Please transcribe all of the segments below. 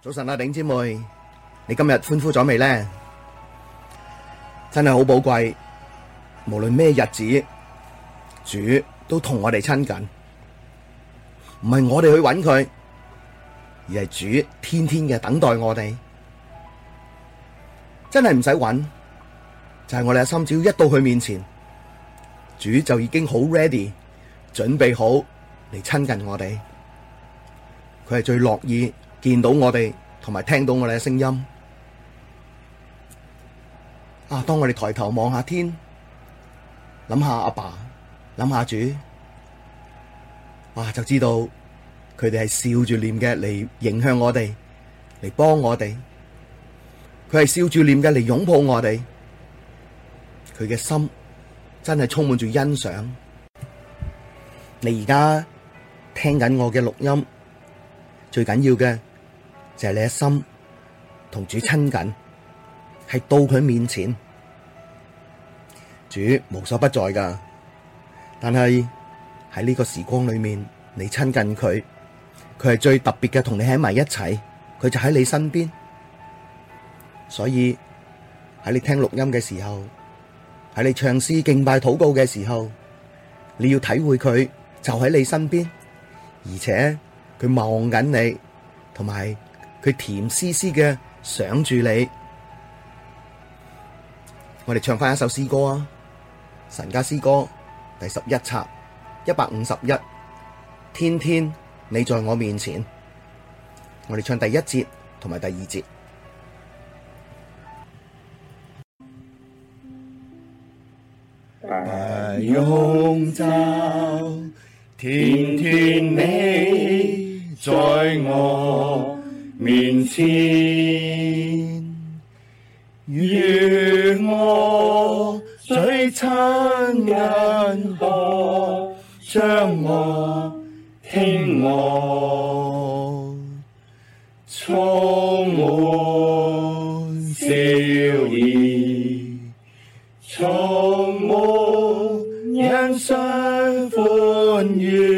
早晨啊，頂姊妹，你今日歡呼咗未呢？真係好寶貴，無論咩日子，主都同我哋親近，唔係我哋去搵佢，而係主天天嘅等待我哋，真係唔使搵，就係、是、我哋嘅心只要一到佢面前，主就已經好 ready，準備好嚟親近我哋，佢係最樂意。見到我哋，同埋聽到我哋嘅聲音啊！當我哋抬頭望下天，諗下阿爸，諗下主，哇！就知道佢哋係笑住臉嘅嚟影響我哋，嚟幫我哋。佢係笑住臉嘅嚟擁抱我哋，佢嘅心真係充滿住欣賞。你而家聽緊我嘅錄音，最緊要嘅，就係你嘅心同主親近，係到佢面前，主無所不在噶。但係喺呢個時光裏面，你親近佢，佢係最特別嘅，同你喺埋一齊，佢就喺你身邊。所以喺你聽錄音嘅時候，喺你唱詩敬拜禱告嘅時候，你要體會佢就喺你身邊，而且佢望緊你，同埋。佢甜絲絲嘅想住你，我哋唱翻，一首詩歌啊！神家詩歌第十一冊一百五十一，天天你在我面前，我哋唱第一節同埋第二節。愛永罩，天天你，你在我。面前，與我最親近看著我、聽我，充滿笑意，充滿欣賞、歡愉。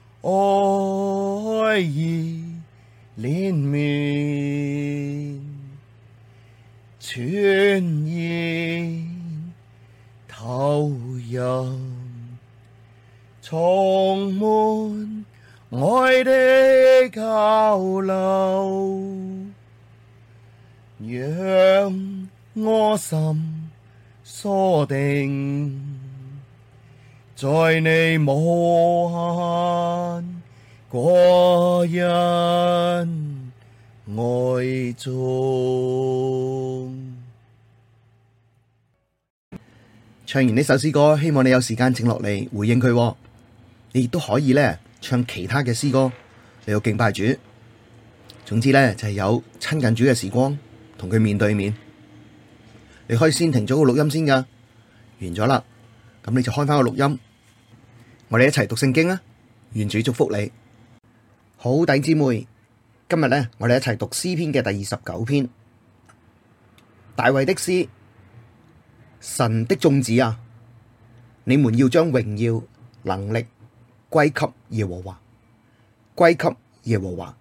愛意連綿，全然投入，充滿愛的交流，讓我心鎖定，在你無限個人愛中，唱完呢首詩歌，希望你有時間靜落嚟回應佢。你亦都可以咧唱其他嘅詩歌，你要敬拜主。總之咧就係、是、有親近主嘅時光，同佢面對面。你可以先停咗個錄音先噶，完咗啦，咁你就開翻個錄音。我哋一齊讀聖經啊！願主祝福你，好弟兄姊妹。今日咧，我哋一齊讀詩篇嘅第二十九篇，大衛的詩，神的眾子啊，你們要將榮耀能力歸給耶和華，歸給耶和華，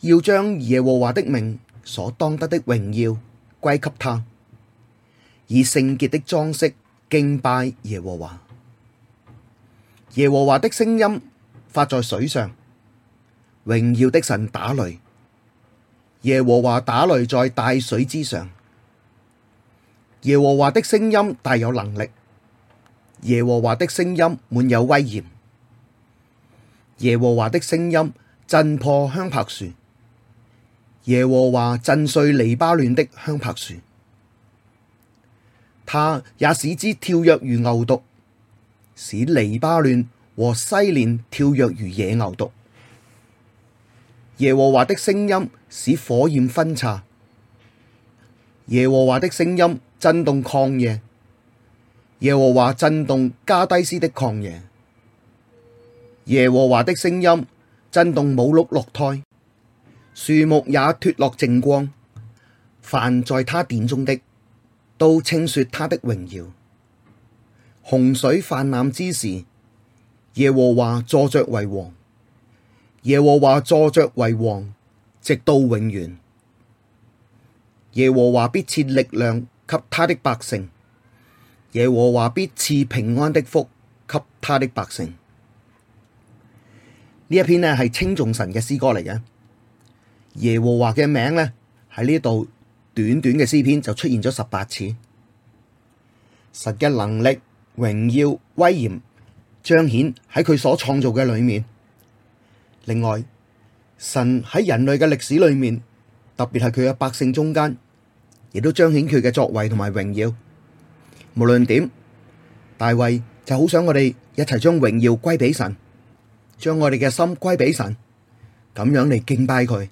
要將耶和華的名所當得的榮耀歸給他，以聖潔的裝飾敬拜耶和華。耶和華的聲音發在水上，榮耀的神打雷。耶和華打雷在大水之上。耶和華的聲音大有能力，耶和華的聲音滿有威嚴。耶和華的聲音震破香柏樹，耶和華震碎利巴嫩的香柏樹，他也使之跳躍如牛犢。使黎巴嫩和西連跳躍如野牛犢，耶和華的聲音使火焰分岔，耶和華的聲音震動曠野，耶和華震動加低斯的曠野，耶和華的聲音震動母鹿落胎，樹木也脫落淨光，凡在他殿中的都稱說他的榮耀。洪水泛濫之時，耶和華坐着為王，耶和華坐着為王，直到永遠。耶和華必賜力量給他的百姓，耶和華必賜平安的福給他的百姓。呢一篇呢係稱頌神嘅詩歌嚟嘅，耶和華嘅名呢喺呢度短短嘅詩篇就出現咗十八次，神嘅能力。榮耀威嚴彰顯喺佢所創造嘅裏面。另外，神喺人類嘅歷史裏面，特別係佢嘅百姓中間，亦都彰顯佢嘅作為同埋榮耀。無論點，大衛就好想我哋一齊將榮耀歸俾神，將我哋嘅心歸俾神，咁樣嚟敬拜佢。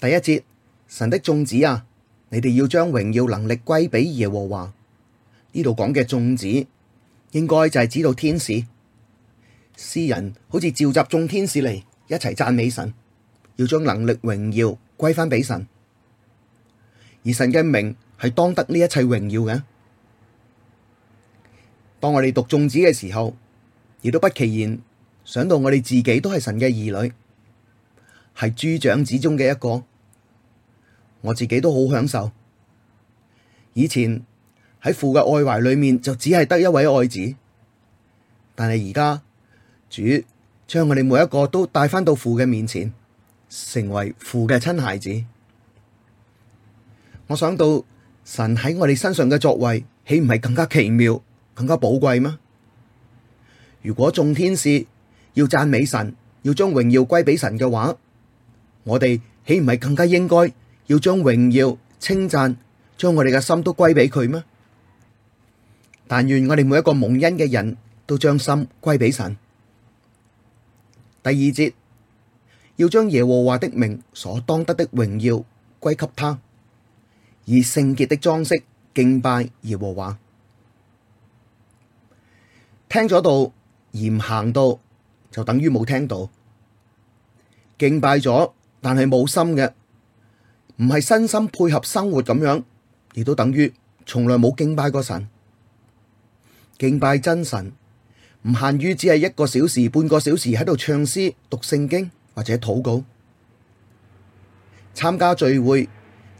第一節，神的眾子啊，你哋要將榮耀能力歸俾耶和華。呢度講嘅眾子，應該就係指到天使，詩人好似召集眾天使嚟一齊讚美神，要將能力榮耀歸翻俾神，而神嘅名係當得呢一切榮耀嘅。當我哋讀眾子嘅時候，亦都不期然想到我哋自己都係神嘅兒女，係諸長子中嘅一個，我自己都好享受，以前。喺父嘅愛懷裏面就只係得一位愛子，但係而家主將我哋每一個都帶翻到父嘅面前，成為父嘅親孩子。我想到神喺我哋身上嘅作為，豈唔係更加奇妙、更加寶貴嗎？如果眾天使要讚美神，要將榮耀歸俾神嘅話，我哋豈唔係更加應該要將榮耀稱讚，將我哋嘅心都歸俾佢嗎？但願我哋每一個蒙恩嘅人都將心歸俾神。第二節，要將耶和華的名所當得的榮耀歸給他，以聖潔的裝飾敬拜耶和華。聽咗道而唔行到，就等於冇聽到；敬拜咗但係冇心嘅，唔係身心配合生活咁樣，亦都等於從來冇敬拜過神。敬拜真神唔限於只係一個小時、半個小時喺度唱詩、讀聖經或者禱告，參加聚會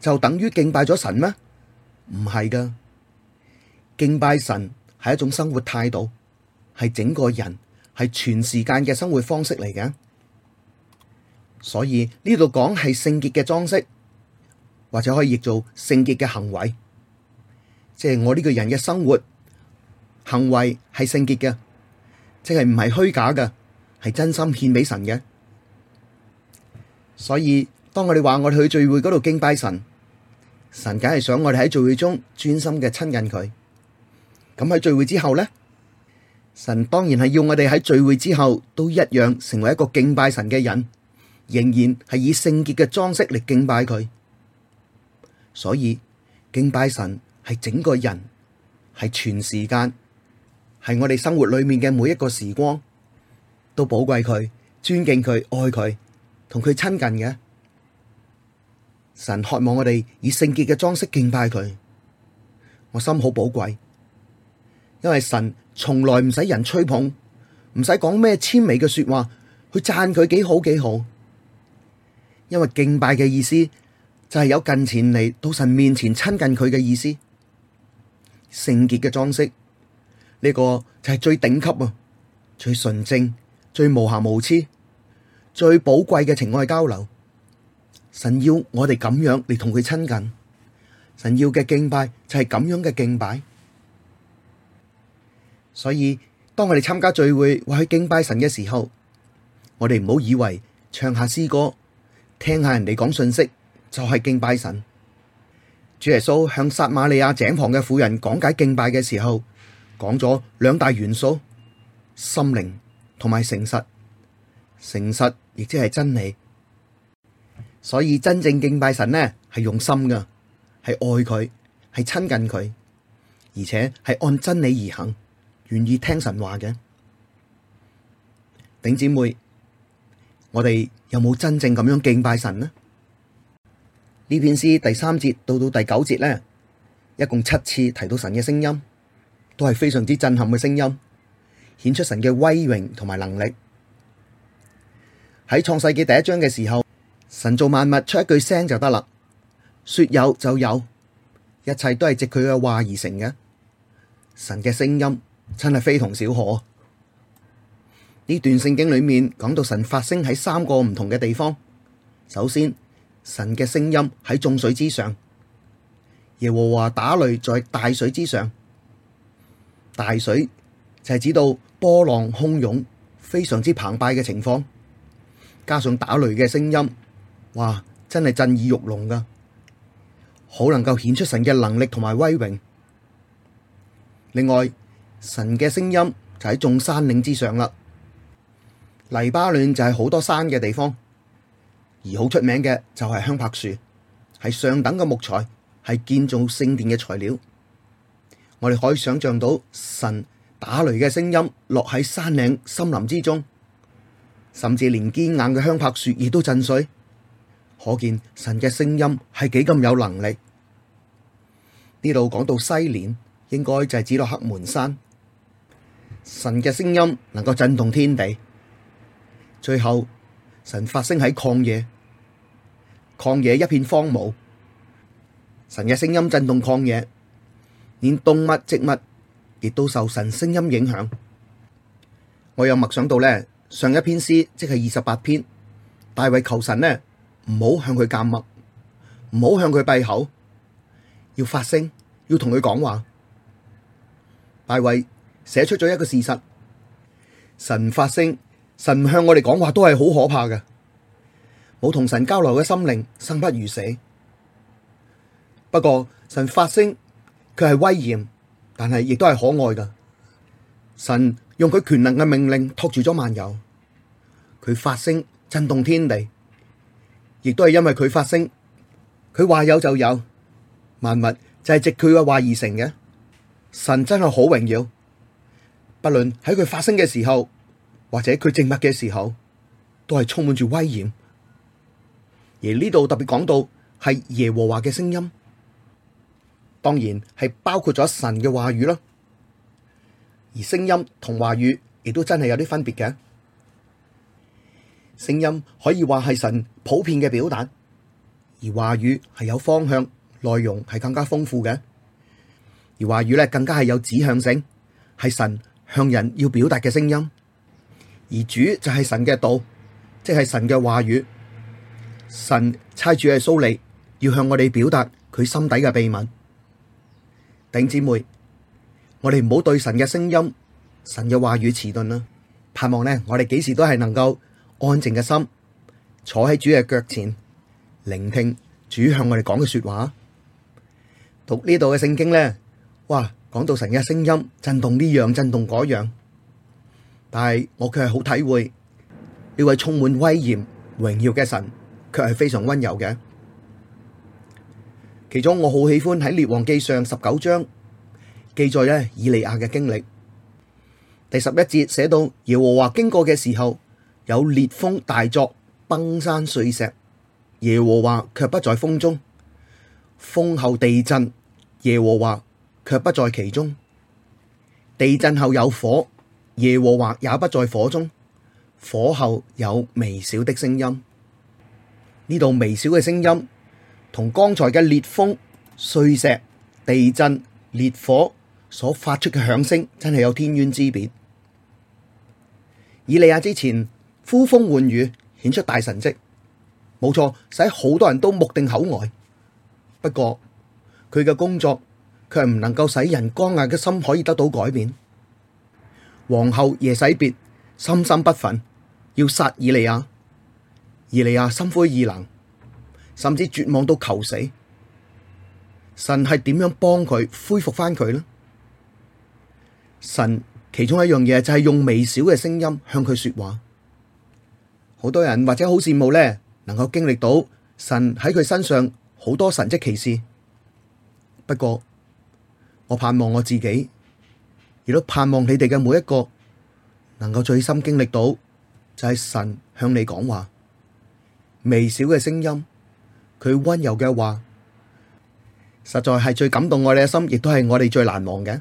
就等於敬拜咗神咩？唔係噶，敬拜神係一種生活態度，係整個人，係全時間嘅生活方式嚟嘅。所以呢度講係聖潔嘅裝飾，或者可以譯做聖潔嘅行為，即係我呢個人嘅生活。行為係聖潔嘅，即係唔係虛假嘅，係真心獻俾神嘅。所以當我哋話我哋去聚會嗰度敬拜神，神梗係想我哋喺聚會中專心嘅親近佢。咁喺聚會之後呢，神當然係要我哋喺聚會之後都一樣成為一個敬拜神嘅人，仍然係以聖潔嘅裝飾嚟敬拜佢。所以敬拜神係整個人，係全時間，係我哋生活裏面嘅每一個時光，都寶貴佢，尊敬佢，愛佢，同佢親近嘅。神渴望我哋以聖潔嘅裝飾敬拜佢，我心好寶貴，因為神從來唔使人吹捧，唔使講咩千美嘅說話去讚佢幾好幾好。因為敬拜嘅意思就係、是、有近前嚟到神面前親近佢嘅意思，聖潔嘅裝飾。呢個就係最頂級啊，最純正、最無瑕無疵、最寶貴嘅情愛交流。神要我哋咁樣嚟同佢親近，神要嘅敬拜就係咁樣嘅敬拜。所以當我哋參加聚會或去敬拜神嘅時候，我哋唔好以為唱下詩歌、聽下人哋講信息就係敬拜神。主耶穌向撒瑪利亞井旁嘅婦人講解敬拜嘅時候，講咗兩大元素：心靈同埋誠實。誠實亦即係真理。所以真正敬拜神呢，係用心噶，係愛佢，係親近佢，而且係按真理而行，願意聽神話嘅。頂姐妹，我哋有冇真正咁樣敬拜神呢？呢篇詩第三節到到第九節呢，一共七次提到神嘅聲音。都係非常之震撼嘅聲音，顯出神嘅威榮同埋能力。喺創世紀第一章嘅時候，神造萬物，出一句聲就得啦，說有就有，一切都係藉佢嘅話而成嘅。神嘅聲音真係非同小可。呢段聖經裏面講到神發聲喺三個唔同嘅地方。首先，神嘅聲音喺眾水之上，耶和華打雷在大水之上。大水就係、是、指到波浪洶湧，非常之澎湃嘅情況，加上打雷嘅聲音，哇！真係震耳欲聾噶，好能夠顯出神嘅能力同埋威榮。另外，神嘅聲音就喺眾山嶺之上啦。黎巴嫩就係好多山嘅地方，而好出名嘅就係香柏樹，係上等嘅木材，係建造聖殿嘅材料。我哋可以想象到神打雷嘅聲音落喺山嶺森林之中，甚至連堅硬嘅香柏樹亦都震碎。可見神嘅聲音係幾咁有能力。呢度講到西連，應該就係指落黑門山。神嘅聲音能夠震動天地。最後，神發聲喺曠野，曠野一片荒蕪，神嘅聲音震動曠野。連動物、植物亦都受神聲音影響。我又默想到呢，上一篇詩即係二十八篇，大衛求神呢唔好向佢緘默，唔好向佢閉口，要發聲，要同佢講話。大衛寫出咗一個事實：神發聲，神向我哋講話都係好可怕嘅。冇同神交流嘅心靈生不如死。不過神發聲。佢係威嚴，但係亦都係可愛噶。神用佢權能嘅命令托住咗萬有，佢發聲震動天地，亦都係因為佢發聲。佢話有就有，萬物就係藉佢嘅話而成嘅。神真係好榮耀，不論喺佢發聲嘅時候，或者佢靜默嘅時候，都係充滿住威嚴。而呢度特別講到，係耶和華嘅聲音。當然係包括咗神嘅話語咯，而聲音同話語亦都真係有啲分別嘅。聲音可以話係神普遍嘅表達，而話語係有方向，內容係更加豐富嘅。而話語咧更加係有指向性，係神向人要表達嘅聲音。而主就係神嘅道，即係神嘅話語。神猜住係蘇利要向我哋表達佢心底嘅秘密。頂姊妹，我哋唔好對神嘅聲音、神嘅話語遲鈍啦。盼望咧，我哋幾時都係能夠安靜嘅心，坐喺主嘅腳前，聆聽主向我哋講嘅說話。讀呢度嘅聖經咧，哇，講到神嘅聲音震動呢樣震動嗰樣，但係我卻係好體會，呢位充滿威嚴榮耀嘅神，卻係非常溫柔嘅。其中我好喜歡喺《列王記》上十九章記載咧以利亞嘅經歷，第十一節寫到耶和華經過嘅時候，有烈風大作，崩山碎石；耶和華卻不在風中。風後地震，耶和華卻不在其中。地震後有火，耶和華也不在火中。火後有微小的聲音。呢度微小嘅聲音。同剛才嘅烈風、碎石、地震、烈火所發出嘅響聲，真係有天淵之別。以利亞之前呼風喚雨，顯出大神蹟，冇錯，使好多人都目定口呆。不過佢嘅工作卻唔能夠使人剛硬嘅心可以得到改變。皇后耶洗別，心心不忿，要殺以利亞。以利亞心灰意冷。甚至絕望到求死，神係點樣幫佢恢復翻佢呢？神其中一樣嘢就係用微小嘅聲音向佢說話。好多人或者好羨慕呢，能夠經歷到神喺佢身上好多神迹奇事。不過我盼望我自己，亦都盼望你哋嘅每一個，能夠最深經歷到就係神向你講話，微小嘅聲音。佢溫柔嘅話，實在係最感動我哋嘅心，亦都係我哋最難忘嘅。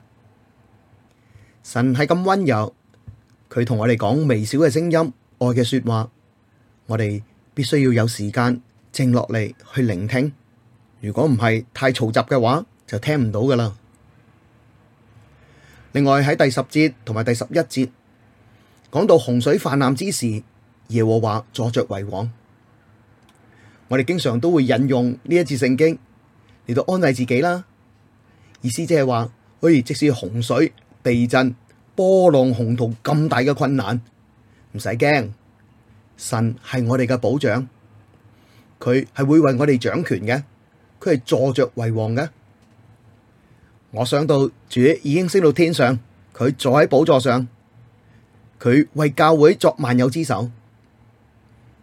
神係咁溫柔，佢同我哋講微小嘅聲音、愛嘅說話，我哋必須要有時間靜落嚟去聆聽。如果唔係太嘈雜嘅話，就聽唔到㗎喇。另外喺第十節同埋第十一節，講到洪水泛濫之時，耶和華坐着為王。我哋經常都會引用呢一次聖經嚟到安慰自己啦，意思即係話，哎，即使洪水、地震、波浪、洪濤咁大嘅困難，唔使驚，神係我哋嘅保障，佢係會為我哋掌權嘅，佢係坐着為王嘅。我想到主已經升到天上，佢坐喺寶座上，佢為教會作萬有之首。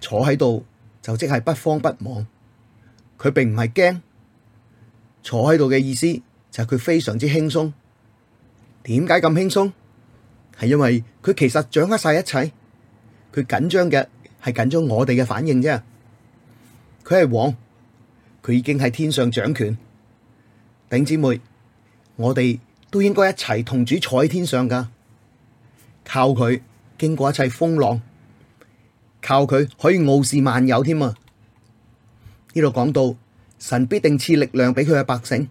坐喺度就即係不慌不忙，佢並唔係驚。坐喺度嘅意思就係佢非常之輕鬆。點解咁輕鬆？係因為佢其實掌握晒一切。佢緊張嘅係緊張我哋嘅反應啫。佢係王，佢已經喺天上掌權。頂姊妹，我哋都應該一齊同主坐喺天上㗎，靠佢經過一切風浪。靠佢可以傲視萬有添啊！呢度講到神必定賜力量俾佢嘅百姓，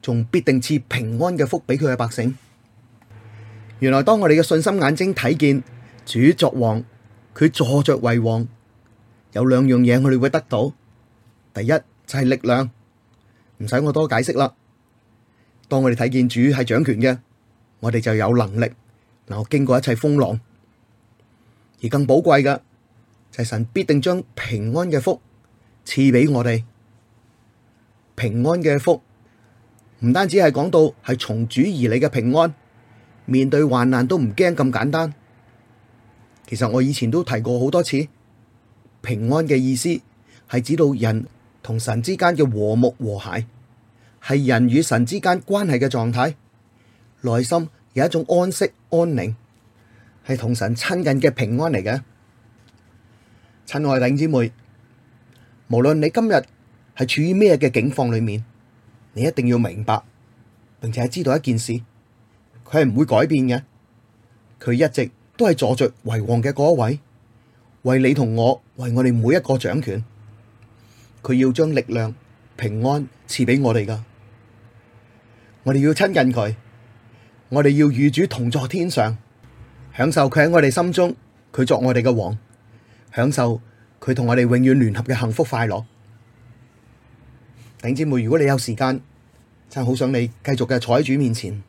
仲必定賜平安嘅福俾佢嘅百姓。原來當我哋嘅信心眼睛睇見主作王，佢坐着為王，有兩樣嘢我哋會得到。第一就係力量，唔使我多解釋啦。當我哋睇見主係掌權嘅，我哋就有能力，嗱，經過一切風浪，而更寶貴嘅。係神必定將平安嘅福賜俾我哋，平安嘅福唔單止係講到係從主而嚟嘅平安，面對患難都唔驚咁簡單。其實我以前都提過好多次，平安嘅意思係指到人同神之間嘅和睦和諧，係人與神之間關係嘅狀態，內心有一種安息安寧，係同神親近嘅平安嚟嘅。親愛弟兄姊妹，無論你今日係處於咩嘅境況裏面，你一定要明白，並且知道一件事，佢係唔會改變嘅。佢一直都係坐着為王嘅嗰一位，為你同我，為我哋每一個掌權，佢要將力量平安賜俾我哋㗎。我哋要親近佢，我哋要與主同坐天上，享受佢喺我哋心中，佢作我哋嘅王。享受佢同我哋永遠聯合嘅幸福快樂，頂姐妹，如果你有時間，真係好想你繼續嘅坐喺主面前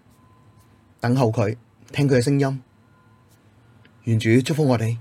等候佢，聽佢嘅聲音，願主祝福我哋。